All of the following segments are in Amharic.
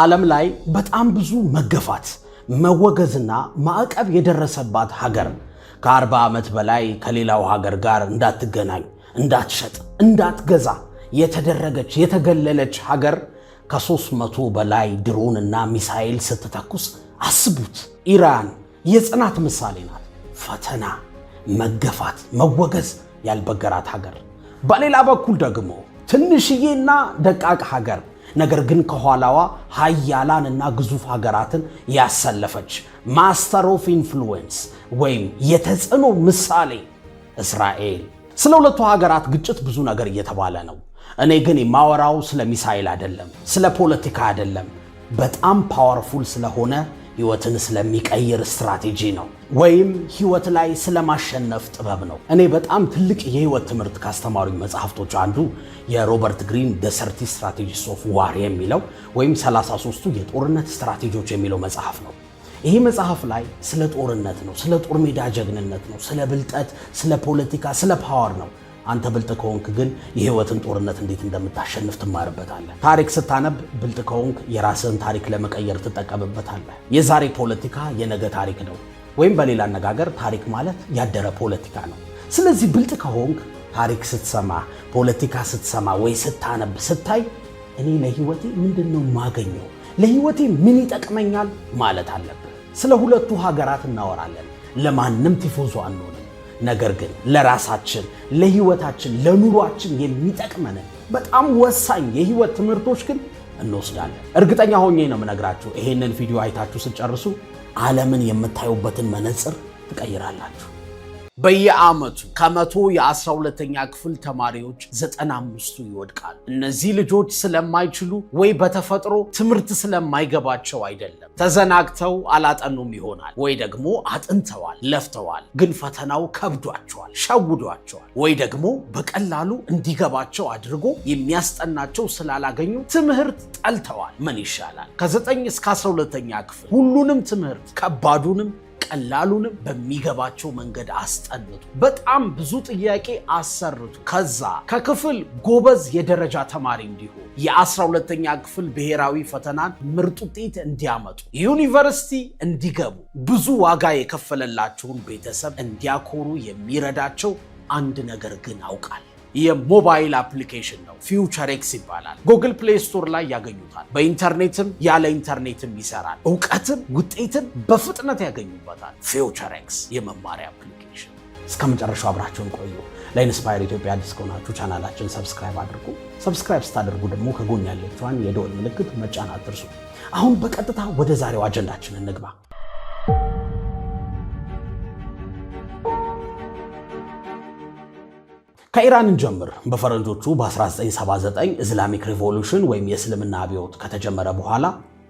ዓለም ላይ በጣም ብዙ መገፋት መወገዝና ማዕቀብ የደረሰባት ሀገር ከአርባ ዓመት በላይ ከሌላው ሀገር ጋር እንዳትገናኝ፣ እንዳትሸጥ፣ እንዳትገዛ የተደረገች የተገለለች ሀገር ከ መቶ በላይ ድሮንና ሚሳኤል ስትተኩስ አስቡት። ኢራን የጽናት ምሳሌ ናት። ፈተና፣ መገፋት፣ መወገዝ ያልበገራት ሀገር። በሌላ በኩል ደግሞ ትንሽዬና ደቃቅ ሀገር ነገር ግን ከኋላዋ ሀያላን እና ግዙፍ ሀገራትን ያሰለፈች ማስተር ኦፍ ኢንፍሉዌንስ ወይም የተጽዕኖ ምሳሌ እስራኤል። ስለ ሁለቱ ሀገራት ግጭት ብዙ ነገር እየተባለ ነው። እኔ ግን የማወራው ስለ ሚሳኤል አይደለም፣ ስለ ፖለቲካ አይደለም፣ በጣም ፓወርፉል ስለሆነ ህይወትን ስለሚቀይር ስትራቴጂ ነው፣ ወይም ህይወት ላይ ስለማሸነፍ ጥበብ ነው። እኔ በጣም ትልቅ የህይወት ትምህርት ካስተማሩኝ መጽሐፍቶች አንዱ የሮበርት ግሪን ደ ሰርቲ ስትራቴጂስ ኦፍ ዋር የሚለው ወይም 33ቱ የጦርነት ስትራቴጂዎች የሚለው መጽሐፍ ነው። ይህ መጽሐፍ ላይ ስለ ጦርነት ነው፣ ስለ ጦር ሜዳ ጀግንነት ነው፣ ስለ ብልጠት፣ ስለ ፖለቲካ፣ ስለ ፓወር ነው። አንተ ብልጥ ከሆንክ ግን የህይወትን ጦርነት እንዴት እንደምታሸንፍ ትማርበታለህ። ታሪክ ስታነብ ብልጥ ከሆንክ የራስህን ታሪክ ለመቀየር ትጠቀምበታለህ። የዛሬ ፖለቲካ የነገ ታሪክ ነው፣ ወይም በሌላ አነጋገር ታሪክ ማለት ያደረ ፖለቲካ ነው። ስለዚህ ብልጥ ከሆንክ ታሪክ ስትሰማ፣ ፖለቲካ ስትሰማ ወይ ስታነብ፣ ስታይ እኔ ለህይወቴ ምንድን ነው ማገኘው፣ ለህይወቴ ምን ይጠቅመኛል ማለት አለብህ። ስለ ሁለቱ ሀገራት እናወራለን። ለማንም ቲፎዞ አንሆን። ነገር ግን ለራሳችን ለህይወታችን፣ ለኑሯችን የሚጠቅመንን በጣም ወሳኝ የህይወት ትምህርቶች ግን እንወስዳለን። እርግጠኛ ሆኜ ነው የምነግራችሁ፣ ይሄንን ቪዲዮ አይታችሁ ስትጨርሱ ዓለምን የምታዩበትን መነጽር ትቀይራላችሁ። በየዓመቱ ከመቶ የአስራ ሁለተኛ ክፍል ተማሪዎች ዘጠና አምስቱ ይወድቃል። እነዚህ ልጆች ስለማይችሉ ወይ በተፈጥሮ ትምህርት ስለማይገባቸው አይደለም፣ ተዘናግተው አላጠኑም ይሆናል፣ ወይ ደግሞ አጥንተዋል፣ ለፍተዋል፣ ግን ፈተናው ከብዷቸዋል፣ ሸውዷቸዋል፣ ወይ ደግሞ በቀላሉ እንዲገባቸው አድርጎ የሚያስጠናቸው ስላላገኙ ትምህርት ጠልተዋል። ምን ይሻላል? ከዘጠኝ እስከ አስራ ሁለተኛ ክፍል ሁሉንም ትምህርት ከባዱንም ቀላሉን በሚገባቸው መንገድ አስጠንቱ። በጣም ብዙ ጥያቄ አሰርቱ። ከዛ ከክፍል ጎበዝ የደረጃ ተማሪ እንዲሆን የ12ተኛ ክፍል ብሔራዊ ፈተናን ምርጥ ውጤት እንዲያመጡ ዩኒቨርሲቲ እንዲገቡ ብዙ ዋጋ የከፈለላቸውን ቤተሰብ እንዲያኮሩ የሚረዳቸው አንድ ነገር ግን አውቃል። የሞባይል አፕሊኬሽን ነው። ፊውቸር ኤክስ ይባላል። ጉግል ፕሌይ ስቶር ላይ ያገኙታል። በኢንተርኔትም ያለ ኢንተርኔትም ይሰራል። እውቀትም ውጤትም በፍጥነት ያገኙበታል። ፊውቸር ኤክስ የመማሪያ አፕሊኬሽን። እስከ መጨረሻው አብራቸውን ቆዩ። ለኢንስፓየር ኢትዮጵያ አዲስ ከሆናችሁ ቻናላችን ሰብስክራይብ አድርጉ። ሰብስክራይብ ስታደርጉ ደግሞ ከጎን ያለችዋን የደወል ምልክት መጫን አትርሱ። አሁን በቀጥታ ወደ ዛሬው አጀንዳችን እንግባ። ከኢራን ጀምር በፈረንጆቹ በ1979 እስላሚክ ሪቮሉሽን ወይም የእስልምና አብዮት ከተጀመረ በኋላ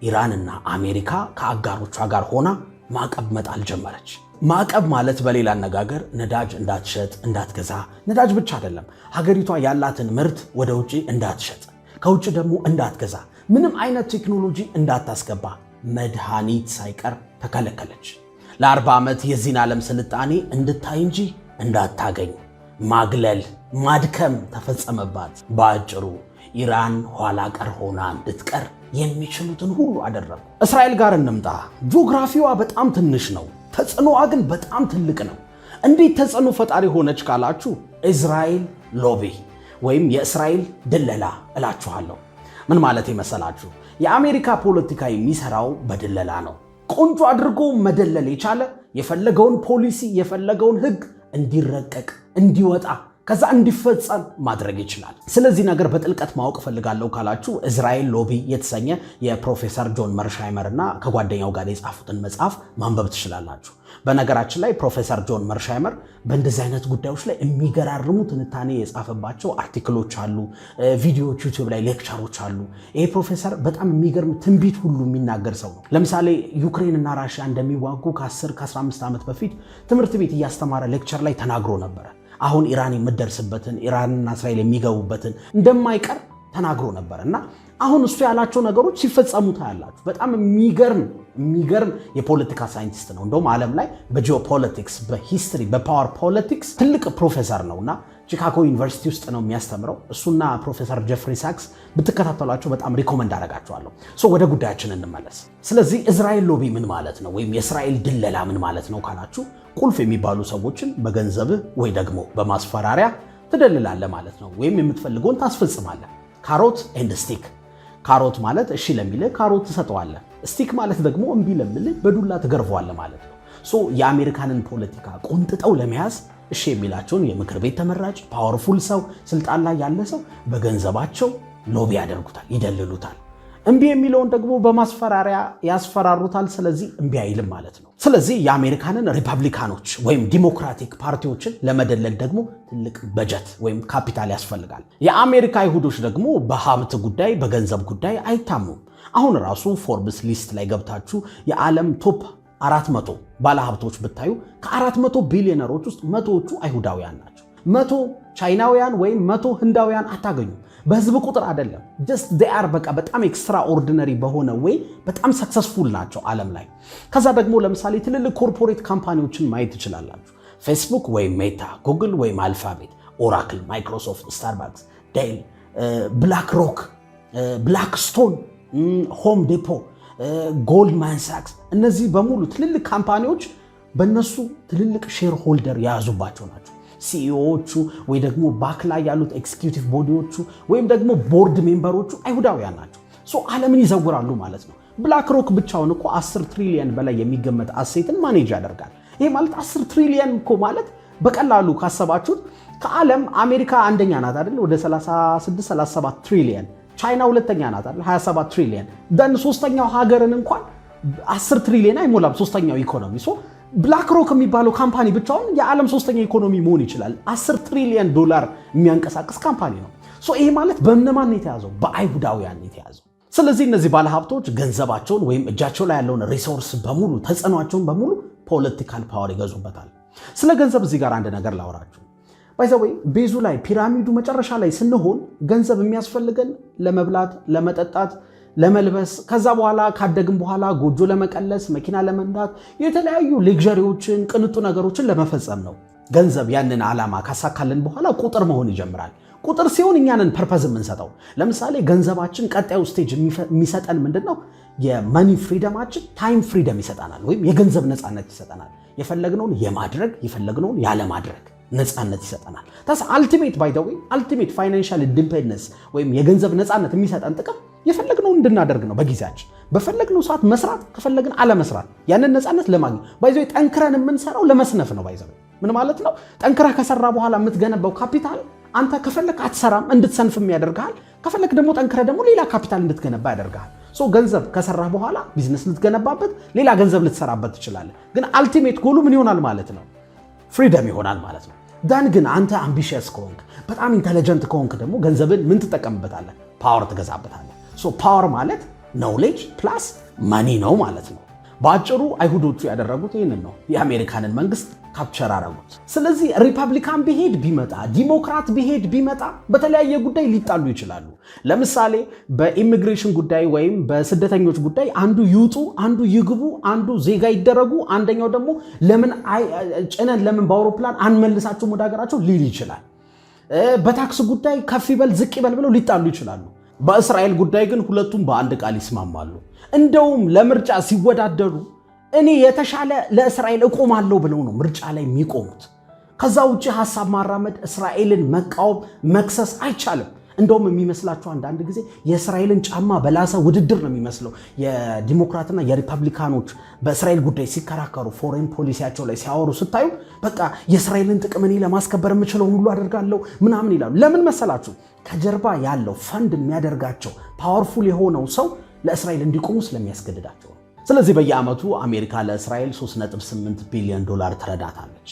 ኢራንና አሜሪካ ከአጋሮቿ ጋር ሆና ማዕቀብ መጣል ጀመረች። ማዕቀብ ማለት በሌላ አነጋገር ነዳጅ እንዳትሸጥ እንዳትገዛ፣ ነዳጅ ብቻ አይደለም፣ ሀገሪቷ ያላትን ምርት ወደ ውጭ እንዳትሸጥ፣ ከውጭ ደግሞ እንዳትገዛ፣ ምንም አይነት ቴክኖሎጂ እንዳታስገባ፣ መድኃኒት ሳይቀር ተከለከለች። ለአርባ ዓመት የዚህን ዓለም ስልጣኔ እንድታይ እንጂ እንዳታገኝ ማግለል ማድከም ተፈጸመባት። በአጭሩ ኢራን ኋላ ቀር ሆና እንድትቀር የሚችሉትን ሁሉ አደረጉ። እስራኤል ጋር እንምጣ። ጂኦግራፊዋ በጣም ትንሽ ነው፣ ተጽዕኖዋ ግን በጣም ትልቅ ነው። እንዴት ተጽዕኖ ፈጣሪ ሆነች ካላችሁ እስራኤል ሎቢ ወይም የእስራኤል ድለላ እላችኋለሁ። ምን ማለት የመሰላችሁ የአሜሪካ ፖለቲካ የሚሰራው በድለላ ነው። ቆንጆ አድርጎ መደለል የቻለ የፈለገውን ፖሊሲ የፈለገውን ሕግ እንዲረቀቅ እንዲወጣ ከዛ እንዲፈጸም ማድረግ ይችላል። ስለዚህ ነገር በጥልቀት ማወቅ ፈልጋለሁ ካላችሁ እዝራኤል ሎቢ የተሰኘ የፕሮፌሰር ጆን መርሻይመር እና ከጓደኛው ጋር የጻፉትን መጽሐፍ ማንበብ ትችላላችሁ። በነገራችን ላይ ፕሮፌሰር ጆን መርሻይመር በእንደዚህ አይነት ጉዳዮች ላይ የሚገራርሙ ትንታኔ የጻፈባቸው አርቲክሎች አሉ፣ ቪዲዮዎች ዩቲዩብ ላይ ሌክቸሮች አሉ። ይሄ ፕሮፌሰር በጣም የሚገርም ትንቢት ሁሉ የሚናገር ሰው ነው። ለምሳሌ ዩክሬን እና ራሽያ እንደሚዋጉ ከ10 ከ15 ዓመት በፊት ትምህርት ቤት እያስተማረ ሌክቸር ላይ ተናግሮ ነበረ። አሁን ኢራን የምደርስበትን ኢራንና እስራኤል የሚገቡበትን እንደማይቀር ተናግሮ ነበር እና አሁን እሱ ያላቸው ነገሮች ሲፈጸሙ ታያላችሁ። በጣም የሚገርም የሚገርም የፖለቲካ ሳይንቲስት ነው። እንደውም ዓለም ላይ በጂኦፖለቲክስ፣ በሂስትሪ፣ በፓወር ፖለቲክስ ትልቅ ፕሮፌሰር ነው እና ቺካጎ ዩኒቨርሲቲ ውስጥ ነው የሚያስተምረው። እሱና ፕሮፌሰር ጀፍሪ ሳክስ ብትከታተሏቸው በጣም ሪኮመንድ አደርጋቸዋለሁ። ወደ ጉዳያችን እንመለስ። ስለዚህ እስራኤል ሎቢ ምን ማለት ነው ወይም የእስራኤል ድለላ ምን ማለት ነው ካላችሁ ቁልፍ የሚባሉ ሰዎችን በገንዘብህ ወይ ደግሞ በማስፈራሪያ ትደልላለህ ማለት ነው። ወይም የምትፈልገውን ታስፈጽማለህ። ካሮት ኤንድ ስቲክ። ካሮት ማለት እሺ ለሚልህ ካሮት ትሰጠዋለህ። ስቲክ ማለት ደግሞ እምቢ ለሚልህ በዱላ ትገርፈዋለህ ማለት ነው። ሶ የአሜሪካንን ፖለቲካ ቆንጥጠው ለመያዝ እሺ የሚላቸውን የምክር ቤት ተመራጭ ፓወርፉል ሰው፣ ስልጣን ላይ ያለ ሰው በገንዘባቸው ሎቢ ያደርጉታል፣ ይደልሉታል። እምቢ የሚለውን ደግሞ በማስፈራሪያ ያስፈራሩታል። ስለዚህ እምቢ አይልም ማለት ነው። ስለዚህ የአሜሪካንን ሪፐብሊካኖች ወይም ዲሞክራቲክ ፓርቲዎችን ለመደለል ደግሞ ትልቅ በጀት ወይም ካፒታል ያስፈልጋል። የአሜሪካ ይሁዶች ደግሞ በሀብት ጉዳይ፣ በገንዘብ ጉዳይ አይታሙም። አሁን ራሱ ፎርብስ ሊስት ላይ ገብታችሁ የዓለም ቶፕ አራት መቶ ባለሀብቶች ብታዩ ከአራት መቶ ቢሊዮነሮች ውስጥ መቶዎቹ አይሁዳውያን ናቸው። መቶ ቻይናውያን ወይም መቶ ህንዳውያን አታገኙም። በህዝብ ቁጥር አይደለም። ጀስት ዴይ አር በቃ በጣም ኤክስትራ ኦርዲነሪ በሆነ ወይ በጣም ሰክሰስፉል ናቸው አለም ላይ። ከዛ ደግሞ ለምሳሌ ትልልቅ ኮርፖሬት ካምፓኒዎችን ማየት ትችላላችሁ። ፌስቡክ ወይም ሜታ፣ ጉግል ወይም አልፋቤት፣ ኦራክል፣ ማይክሮሶፍት፣ ስታርባክስ፣ ዴል፣ ብላክ ሮክ፣ ብላክ ስቶን፣ ሆም ዴፖ ጎልድማን ሳክስ፣ እነዚህ በሙሉ ትልልቅ ካምፓኒዎች በእነሱ ትልልቅ ሼር ሆልደር የያዙባቸው ናቸው። ሲኢኦዎቹ ወይ ደግሞ ባክ ላይ ያሉት ኤክስኪዩቲቭ ቦዲዎቹ ወይም ደግሞ ቦርድ ሜምበሮቹ አይሁዳውያን ናቸው። ሶ ዓለምን ይዘውራሉ ማለት ነው። ብላክ ሮክ ብቻውን እኮ 10 ትሪሊየን በላይ የሚገመት አሴትን ማኔጅ ያደርጋል። ይሄ ማለት 10 ትሪሊየን እኮ ማለት በቀላሉ ካሰባችሁት ከዓለም አሜሪካ አንደኛ ናት አይደል? ወደ 36 37 ትሪሊየን ቻይና ሁለተኛ ናት አይደል 27 ትሪሊየን ደን ሶስተኛው ሀገርን እንኳን 10 ትሪሊየን አይሞላም። ሶስተኛው ኢኮኖሚ ሶ ብላክ ሮክ የሚባለው ካምፓኒ ብቻውን የዓለም ሶስተኛ ኢኮኖሚ መሆን ይችላል። 10 ትሪሊየን ዶላር የሚያንቀሳቅስ ካምፓኒ ነው። ሶ ይሄ ማለት በእነማን ነው የተያዘው? በአይሁዳውያን ነው የተያዘው። ስለዚህ እነዚህ ባለሀብቶች ገንዘባቸውን ወይም እጃቸው ላይ ያለውን ሪሶርስ በሙሉ ተጽዕኗቸውን በሙሉ ፖለቲካል ፓወር ይገዙበታል። ስለ ገንዘብ እዚህ ጋር አንድ ነገር ላውራችሁ። ባይዘወይ ቤዙ ላይ ፒራሚዱ መጨረሻ ላይ ስንሆን ገንዘብ የሚያስፈልገን ለመብላት፣ ለመጠጣት፣ ለመልበስ ከዛ በኋላ ካደግን በኋላ ጎጆ ለመቀለስ፣ መኪና ለመንዳት፣ የተለያዩ ሌግዠሪዎችን ቅንጡ ነገሮችን ለመፈጸም ነው። ገንዘብ ያንን ዓላማ ካሳካልን በኋላ ቁጥር መሆን ይጀምራል። ቁጥር ሲሆን እኛንን ፐርፐዝ የምንሰጠው ለምሳሌ ገንዘባችን ቀጣዩ ስቴጅ የሚሰጠን ምንድን ነው? የመኒ ፍሪደማችን ታይም ፍሪደም ይሰጠናል፣ ወይም የገንዘብ ነፃነት ይሰጠናል። የፈለግነውን የማድረግ የፈለግነውን ያለማድረግ ነፃነት ይሰጠናል። ታስ አልቲሜት ባይ ዘ ዌይ አልቲሜት ፋይናንሻል ኢንዲፔንደንስ ወይም የገንዘብ ነፃነት የሚሰጠን ጥቅም የፈለግነው እንድናደርግ ነው። በጊዜያችን በፈለግነው ሰዓት መስራት፣ ከፈለግን አለመስራት፣ ያንን ነፃነት ለማግኘት ባይ ዘ ዌይ ጠንክረን የምንሰራው ለመስነፍ ነው። ባይ ዘ ዌይ ምን ማለት ነው? ጠንክረህ ከሰራ በኋላ የምትገነባው ካፒታል አንተ ከፈለግ አትሰራም እንድትሰንፍም ያደርግሃል። ከፈለግ ደግሞ ጠንክረ ደግሞ ሌላ ካፒታል እንድትገነባ ያደርግሃል። ሶ ገንዘብ ከሰራህ በኋላ ቢዝነስ ልትገነባበት፣ ሌላ ገንዘብ ልትሰራበት ትችላለህ። ግን አልቲሜት ጎሉ ምን ይሆናል ማለት ነው? ፍሪደም ይሆናል ማለት ነው። ዳን ግን አንተ አምቢሽስ ከሆንክ በጣም ኢንቴሊጀንት ከሆንክ ደግሞ ገንዘብን ምን ትጠቀምበታለህ? ፓወር ትገዛበታለህ። ሶ ፓወር ማለት ኖውሌጅ ፕላስ ማኒ ነው ማለት ነው። በአጭሩ አይሁዶቹ ያደረጉት ይህንን ነው። የአሜሪካንን መንግስት ካፕቸር አረጉት። ስለዚህ ሪፐብሊካን ቢሄድ ቢመጣ፣ ዲሞክራት ቢሄድ ቢመጣ በተለያየ ጉዳይ ሊጣሉ ይችላሉ። ለምሳሌ በኢሚግሬሽን ጉዳይ ወይም በስደተኞች ጉዳይ አንዱ ይውጡ፣ አንዱ ይግቡ፣ አንዱ ዜጋ ይደረጉ፣ አንደኛው ደግሞ ለምን ጭነን ለምን በአውሮፕላን አንመልሳቸውም ወደ ሀገራቸው ሊል ይችላል። በታክስ ጉዳይ ከፍ ይበል ዝቅ ይበል ብለው ሊጣሉ ይችላሉ። በእስራኤል ጉዳይ ግን ሁለቱም በአንድ ቃል ይስማማሉ። እንደውም ለምርጫ ሲወዳደሩ እኔ የተሻለ ለእስራኤል እቆማለሁ ብለው ነው ምርጫ ላይ የሚቆሙት። ከዛ ውጭ ሀሳብ ማራመድ፣ እስራኤልን መቃወም፣ መክሰስ አይቻልም። እንደውም የሚመስላቸው አንዳንድ ጊዜ የእስራኤልን ጫማ በላሰ ውድድር ነው የሚመስለው። የዲሞክራትና የሪፐብሊካኖች በእስራኤል ጉዳይ ሲከራከሩ፣ ፎሬን ፖሊሲያቸው ላይ ሲያወሩ ስታዩ በቃ የእስራኤልን ጥቅም እኔ ለማስከበር የምችለውን ሁሉ አደርጋለሁ ምናምን ይላሉ። ለምን መሰላችሁ? ከጀርባ ያለው ፈንድ የሚያደርጋቸው ፓወርፉል የሆነው ሰው ለእስራኤል እንዲቆሙ ስለሚያስገድዳቸው ነው። ስለዚህ በየዓመቱ አሜሪካ ለእስራኤል 3.8 ቢሊዮን ዶላር ትረዳታለች።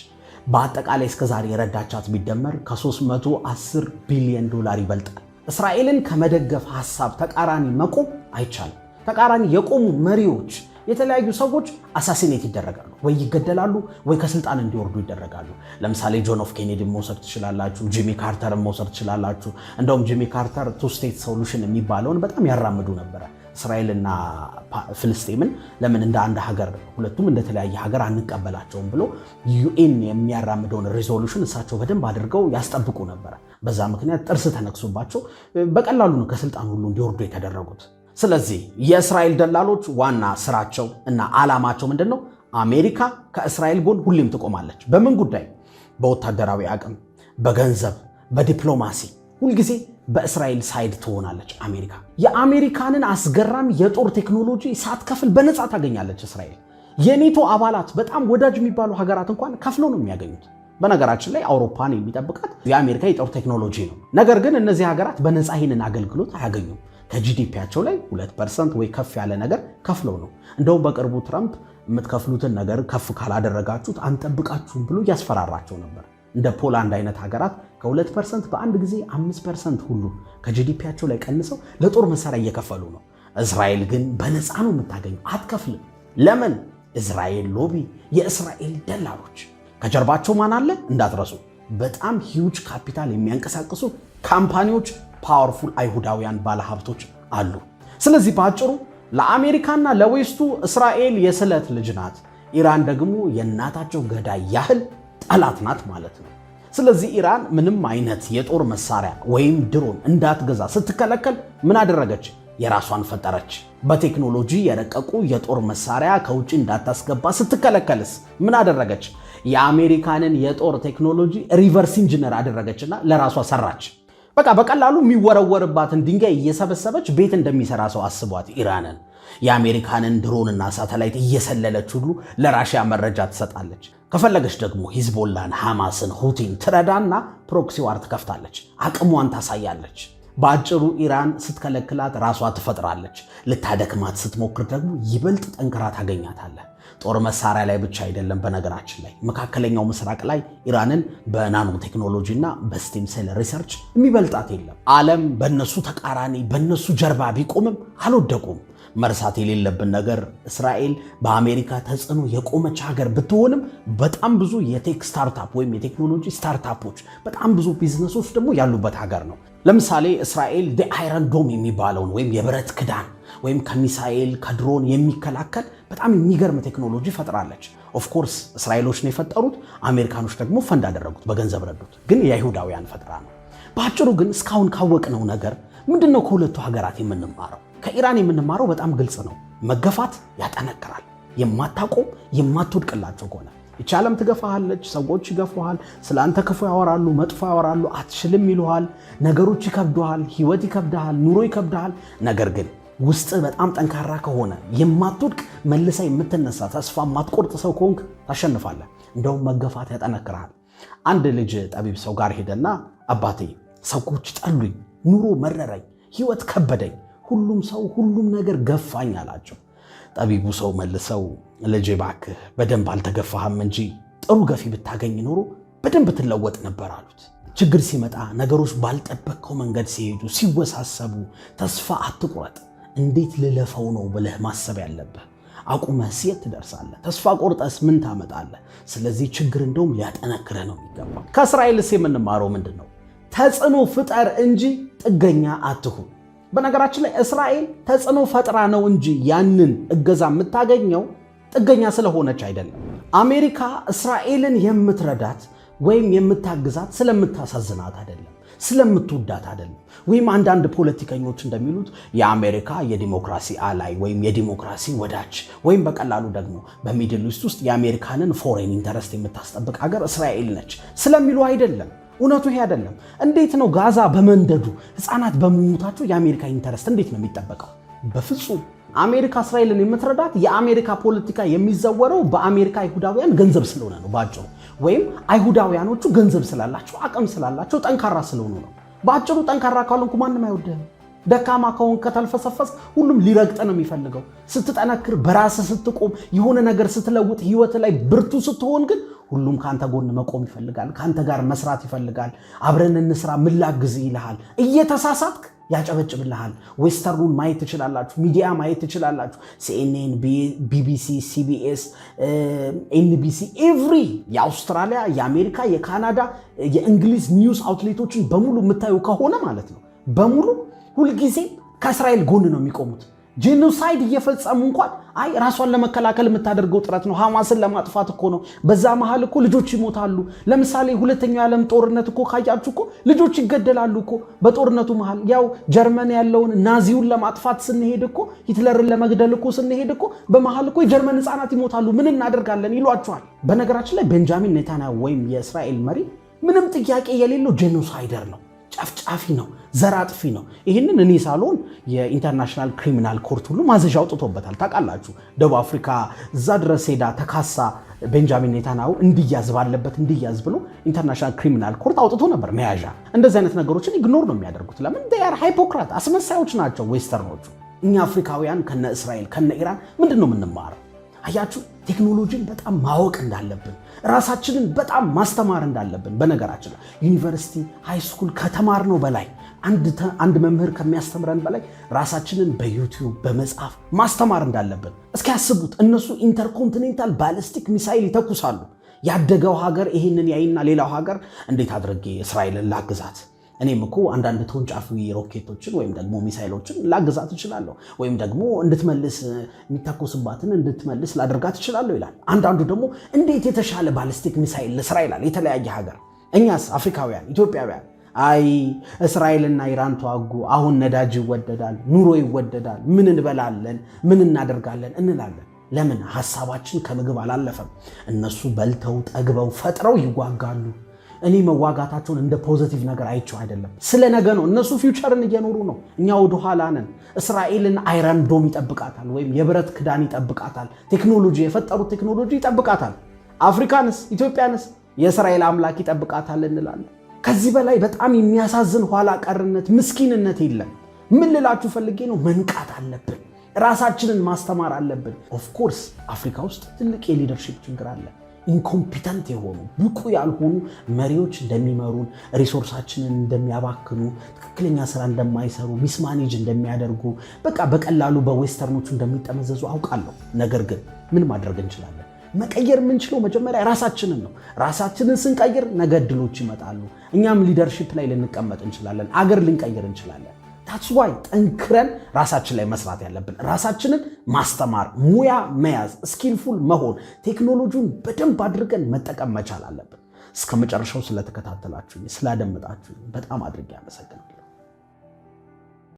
በአጠቃላይ እስከዛሬ የረዳቻት ቢደመር ከ310 ቢሊዮን ዶላር ይበልጣል። እስራኤልን ከመደገፍ ሀሳብ ተቃራኒ መቆም አይቻልም። ተቃራኒ የቆሙ መሪዎች፣ የተለያዩ ሰዎች አሳሲኔት ይደረጋሉ ወይ ይገደላሉ ወይ ከስልጣን እንዲወርዱ ይደረጋሉ። ለምሳሌ ጆን ኦፍ ኬኔዲን መውሰድ ትችላላችሁ። ጂሚ ካርተርን መውሰድ ትችላላችሁ። እንደውም ጂሚ ካርተር ቱ ስቴት ሶሉሽን የሚባለውን በጣም ያራምዱ ነበረ። እስራኤልና ፍልስጤምን ለምን እንደ አንድ ሀገር ሁለቱም እንደተለያየ ሀገር አንቀበላቸውም ብሎ ዩኤን የሚያራምደውን ሪዞሉሽን እሳቸው በደንብ አድርገው ያስጠብቁ ነበረ። በዛ ምክንያት ጥርስ ተነክሶባቸው በቀላሉ ነው ከስልጣን ሁሉ እንዲወርዱ የተደረጉት። ስለዚህ የእስራኤል ደላሎች ዋና ስራቸው እና አላማቸው ምንድን ነው? አሜሪካ ከእስራኤል ጎን ሁሌም ትቆማለች። በምን ጉዳይ? በወታደራዊ አቅም፣ በገንዘብ፣ በዲፕሎማሲ ሁልጊዜ በእስራኤል ሳይድ ትሆናለች አሜሪካ። የአሜሪካንን አስገራሚ የጦር ቴክኖሎጂ ሳትከፍል በነፃ ታገኛለች እስራኤል። የኔቶ አባላት በጣም ወዳጅ የሚባሉ ሀገራት እንኳን ከፍለው ነው የሚያገኙት። በነገራችን ላይ አውሮፓን የሚጠብቃት የአሜሪካ የጦር ቴክኖሎጂ ነው። ነገር ግን እነዚህ ሀገራት በነፃ ይህንን አገልግሎት አያገኙም። ከጂዲፒያቸው ላይ ሁለት ፐርሰንት ወይ ከፍ ያለ ነገር ከፍለው ነው። እንደውም በቅርቡ ትራምፕ የምትከፍሉትን ነገር ከፍ ካላደረጋችሁት አንጠብቃችሁም ብሎ እያስፈራራቸው ነበር። እንደ ፖላንድ አይነት ሀገራት ከሁለት ፐርሰንት በአንድ ጊዜ አምስት ፐርሰንት ሁሉ ከጂዲፒያቸው ላይ ቀንሰው ለጦር መሳሪያ እየከፈሉ ነው። እስራኤል ግን በነፃ ነው የምታገኙ፣ አትከፍልም። ለምን? እስራኤል ሎቢ፣ የእስራኤል ደላሎች ከጀርባቸው ማን አለ እንዳትረሱ። በጣም ሂውጅ ካፒታል የሚያንቀሳቅሱ ካምፓኒዎች፣ ፓወርፉል አይሁዳውያን ባለሀብቶች አሉ። ስለዚህ በአጭሩ ለአሜሪካና ለዌስቱ እስራኤል የስለት ልጅ ናት፣ ኢራን ደግሞ የእናታቸው ገዳይ ያህል ጠላት ናት ማለት ነው። ስለዚህ ኢራን ምንም አይነት የጦር መሳሪያ ወይም ድሮን እንዳትገዛ ስትከለከል ምን አደረገች? የራሷን ፈጠረች። በቴክኖሎጂ የረቀቁ የጦር መሳሪያ ከውጭ እንዳታስገባ ስትከለከልስ ምን አደረገች? የአሜሪካንን የጦር ቴክኖሎጂ ሪቨርስ ኢንጂነር አደረገችና ለራሷ ሰራች። በቃ በቀላሉ የሚወረወርባትን ድንጋይ እየሰበሰበች ቤት እንደሚሰራ ሰው አስቧት ኢራንን። የአሜሪካንን ድሮንና ሳተላይት እየሰለለች ሁሉ ለራሽያ መረጃ ትሰጣለች። ከፈለገች ደግሞ ሂዝቦላን፣ ሐማስን፣ ሁቲን ትረዳና ፕሮክሲ ዋር ትከፍታለች፣ አቅሟን ታሳያለች። በአጭሩ ኢራን ስትከለክላት ራሷ ትፈጥራለች። ልታደክማት ስትሞክር ደግሞ ይበልጥ ጠንክራ ታገኛታለህ። ጦር መሳሪያ ላይ ብቻ አይደለም። በነገራችን ላይ መካከለኛው ምስራቅ ላይ ኢራንን በናኖ ቴክኖሎጂ እና በስቲም ሴል ሪሰርች የሚበልጣት የለም። ዓለም በነሱ ተቃራኒ በነሱ ጀርባ ቢቆምም አልወደቁም። መርሳት የሌለብን ነገር እስራኤል በአሜሪካ ተጽዕኖ የቆመች ሀገር ብትሆንም በጣም ብዙ የቴክ ስታርታፕ ወይም የቴክኖሎጂ ስታርታፖች በጣም ብዙ ቢዝነሶች ደግሞ ያሉበት ሀገር ነው። ለምሳሌ እስራኤል አይረን ዶም የሚባለውን ወይም የብረት ክዳን ወይም ከሚሳኤል ከድሮን የሚከላከል በጣም የሚገርም ቴክኖሎጂ ፈጥራለች። ኦፍኮርስ እስራኤሎች ነው የፈጠሩት፣ አሜሪካኖች ደግሞ ፈንድ አደረጉት፣ በገንዘብ ረዱት። ግን የአይሁዳውያን ፈጠራ ነው። በአጭሩ ግን እስካሁን ካወቅነው ነገር ምንድን ነው ከሁለቱ ሀገራት የምንማረው? ከኢራን የምንማረው በጣም ግልጽ ነው። መገፋት ያጠነክራል። የማታቆም የማትወድቅላቸው ከሆነ ይቺ ዓለም ትገፋሃለች። ሰዎች ይገፉሃል፣ ስለ አንተ ክፉ ያወራሉ፣ መጥፎ ያወራሉ፣ አትችልም ይሉሃል። ነገሮች ይከብዱሃል፣ ህይወት ይከብድሃል፣ ኑሮ ይከብድሃል። ነገር ግን ውስጥ በጣም ጠንካራ ከሆነ የማትወድቅ መልሳ የምትነሳ ተስፋ የማትቆርጥ ሰው ከሆንክ ታሸንፋለህ። እንደውም መገፋት ያጠነክርሃል። አንድ ልጅ ጠቢብ ሰው ጋር ሄደና አባቴ ሰዎች ጠሉኝ፣ ኑሮ መረረኝ፣ ህይወት ከበደኝ ሁሉም ሰው ሁሉም ነገር ገፋኝ አላቸው። ጠቢቡ ሰው መልሰው ልጄ እባክህ በደንብ አልተገፋህም እንጂ ጥሩ ገፊ ብታገኝ ኖሮ በደንብ ትለወጥ ነበር አሉት። ችግር ሲመጣ ነገሮች ባልጠበቅከው መንገድ ሲሄዱ፣ ሲወሳሰቡ ተስፋ አትቁረጥ። እንዴት ልለፈው ነው ብለህ ማሰብ ያለብህ። አቁመህ ሲየት ትደርሳለህ። ተስፋ ቆርጠስ ምን ታመጣለህ? ስለዚህ ችግር እንደውም ሊያጠነክረ ነው የሚገባ። ከእስራኤልስ የምንማረው ምንድን ነው? ተጽዕኖ ፍጠር እንጂ ጥገኛ አትሁን። በነገራችን ላይ እስራኤል ተጽዕኖ ፈጥራ ነው እንጂ ያንን እገዛ የምታገኘው ጥገኛ ስለሆነች አይደለም። አሜሪካ እስራኤልን የምትረዳት ወይም የምታግዛት ስለምታሳዝናት አይደለም፣ ስለምትወዳት አይደለም። ወይም አንዳንድ ፖለቲከኞች እንደሚሉት የአሜሪካ የዲሞክራሲ አላይ ወይም የዲሞክራሲ ወዳጅ ወይም በቀላሉ ደግሞ በሚድል ኢስት ውስጥ የአሜሪካንን ፎሬን ኢንተረስት የምታስጠብቅ ሀገር እስራኤል ነች ስለሚሉ አይደለም። እውነቱ ይሄ አይደለም። እንዴት ነው ጋዛ በመንደዱ ህፃናት በመሞታቸው የአሜሪካ ኢንተረስት እንዴት ነው የሚጠበቀው? በፍጹም አሜሪካ እስራኤልን የምትረዳት የአሜሪካ ፖለቲካ የሚዘወረው በአሜሪካ አይሁዳውያን ገንዘብ ስለሆነ ነው ባጭሩ። ወይም አይሁዳውያኖቹ ገንዘብ ስላላቸው፣ አቅም ስላላቸው፣ ጠንካራ ስለሆኑ ነው ባጭሩ። ጠንካራ ካልሆንኩ ማንም አይወደህም። ደካማ ከሆን ከተልፈሰፈስ ሁሉም ሊረግጥ ነው የሚፈልገው። ስትጠነክር፣ በራስህ ስትቆም፣ የሆነ ነገር ስትለውጥ፣ ህይወት ላይ ብርቱ ስትሆን ግን ሁሉም ከአንተ ጎን መቆም ይፈልጋል። ከአንተ ጋር መስራት ይፈልጋል። አብረን እንስራ፣ ምን ላግዝ ይልሃል። እየተሳሳትክ ያጨበጭብልሃል። ዌስተርኑን ማየት ትችላላችሁ፣ ሚዲያ ማየት ትችላላችሁ። ሲኤንኤን፣ ቢቢሲ፣ ሲቢኤስ፣ ኤንቢሲ ኤቭሪ የአውስትራሊያ፣ የአሜሪካ፣ የካናዳ፣ የእንግሊዝ ኒውስ አውትሌቶችን በሙሉ የምታዩ ከሆነ ማለት ነው በሙሉ ሁልጊዜ ከእስራኤል ጎን ነው የሚቆሙት። ጄኖሳይድ እየፈጸሙ እንኳን አይ ራሷን ለመከላከል የምታደርገው ጥረት ነው፣ ሐማስን ለማጥፋት እኮ ነው። በዛ መሀል እኮ ልጆች ይሞታሉ። ለምሳሌ ሁለተኛው የዓለም ጦርነት እኮ ካያችሁ እኮ ልጆች ይገደላሉ እኮ በጦርነቱ መሀል። ያው ጀርመን ያለውን ናዚውን ለማጥፋት ስንሄድ እኮ ሂትለርን ለመግደል እኮ ስንሄድ እኮ በመሀል እኮ የጀርመን ሕፃናት ይሞታሉ። ምን እናደርጋለን ይሏቸዋል። በነገራችን ላይ ቤንጃሚን ኔታንያሁ ወይም የእስራኤል መሪ ምንም ጥያቄ የሌለው ጄኖሳይደር ነው። ጨፍጫፊ ነው፣ ዘር አጥፊ ነው። ይህንን እኔ ሳልሆን የኢንተርናሽናል ክሪሚናል ኮርት ሁሉ ማዘዣ አውጥቶበታል። ታውቃላችሁ፣ ደቡብ አፍሪካ እዛ ድረስ ሄዳ ተካሳ ቤንጃሚን ኔታንያሁ እንዲያዝ ባለበት እንዲያዝ ብሎ ኢንተርናሽናል ክሪሚናል ኮርት አውጥቶ ነበር መያዣ። እንደዚህ አይነት ነገሮችን ኢግኖር ነው የሚያደርጉት። ለምን ያር ሃይፖክራት አስመሳዮች ናቸው ዌስተርኖቹ። እኛ አፍሪካውያን ከነ እስራኤል ከነ ኢራን ምንድን ነው የምንማረው? አያችሁ ቴክኖሎጂን በጣም ማወቅ እንዳለብን ራሳችንን በጣም ማስተማር እንዳለብን በነገራችን ዩኒቨርሲቲ፣ ሃይስኩል ከተማርነው በላይ አንድ መምህር ከሚያስተምረን በላይ ራሳችንን በዩቲዩብ በመጽሐፍ ማስተማር እንዳለብን እስኪ ያስቡት። እነሱ ኢንተርኮንቲኔንታል ባሊስቲክ ሚሳይል ይተኩሳሉ። ያደገው ሀገር ይህንን ያይና ሌላው ሀገር እንዴት አድርጌ እስራኤልን ላግዛት እኔም እኮ አንዳንድ ተወንጫፊ ሮኬቶችን ወይም ደግሞ ሚሳይሎችን ላግዛት እችላለሁ፣ ወይም ደግሞ እንድትመልስ የሚታኮስባትን እንድትመልስ ላድርጋ ትችላለሁ ይላል። አንዳንዱ ደግሞ እንዴት የተሻለ ባለስቲክ ሚሳይል ልስራ ይላል። የተለያየ ሀገር እኛስ አፍሪካውያን ኢትዮጵያውያን አይ እስራኤልና ኢራን ተዋጉ፣ አሁን ነዳጅ ይወደዳል፣ ኑሮ ይወደዳል፣ ምን እንበላለን፣ ምን እናደርጋለን እንላለን። ለምን ሀሳባችን ከምግብ አላለፈም? እነሱ በልተው ጠግበው ፈጥረው ይዋጋሉ። እኔ መዋጋታቸውን እንደ ፖዘቲቭ ነገር አይቼው አይደለም። ስለ ነገ ነው። እነሱ ፊውቸርን እየኖሩ ነው፣ እኛ ወደኋላ ነን። እስራኤልን አይረን ዶም ይጠብቃታል፣ ወይም የብረት ክዳን ይጠብቃታል። ቴክኖሎጂ የፈጠሩት ቴክኖሎጂ ይጠብቃታል። አፍሪካንስ ኢትዮጵያንስ የእስራኤል አምላክ ይጠብቃታል እንላለን። ከዚህ በላይ በጣም የሚያሳዝን ኋላ ቀርነት፣ ምስኪንነት የለም። ምን ልላችሁ ፈልጌ ነው፣ መንቃት አለብን። ራሳችንን ማስተማር አለብን። ኦፍኮርስ አፍሪካ ውስጥ ትልቅ የሊደርሽፕ ችግር አለ። ኢንኮምፒተንት የሆኑ ብቁ ያልሆኑ መሪዎች እንደሚመሩን፣ ሪሶርሳችንን እንደሚያባክኑ፣ ትክክለኛ ስራ እንደማይሰሩ፣ ሚስማኔጅ እንደሚያደርጉ፣ በቃ በቀላሉ በዌስተርኖቹ እንደሚጠመዘዙ አውቃለሁ። ነገር ግን ምን ማድረግ እንችላለን? መቀየር የምንችለው መጀመሪያ ራሳችንን ነው። ራሳችንን ስንቀይር ነገ ይመጣሉ። እኛም ሊደርሽፕ ላይ ልንቀመጥ እንችላለን። አገር ልንቀይር እንችላለን። ታች ዋይ ጠንክረን ራሳችን ላይ መስራት ያለብን ራሳችንን ማስተማር፣ ሙያ መያዝ፣ ስኪልፉል መሆን፣ ቴክኖሎጂውን በደንብ አድርገን መጠቀም መቻል አለብን። እስከ መጨረሻው ስለተከታተላችሁኝ ስላደመጣችሁኝ በጣም አድርጌ አመሰግናለሁ።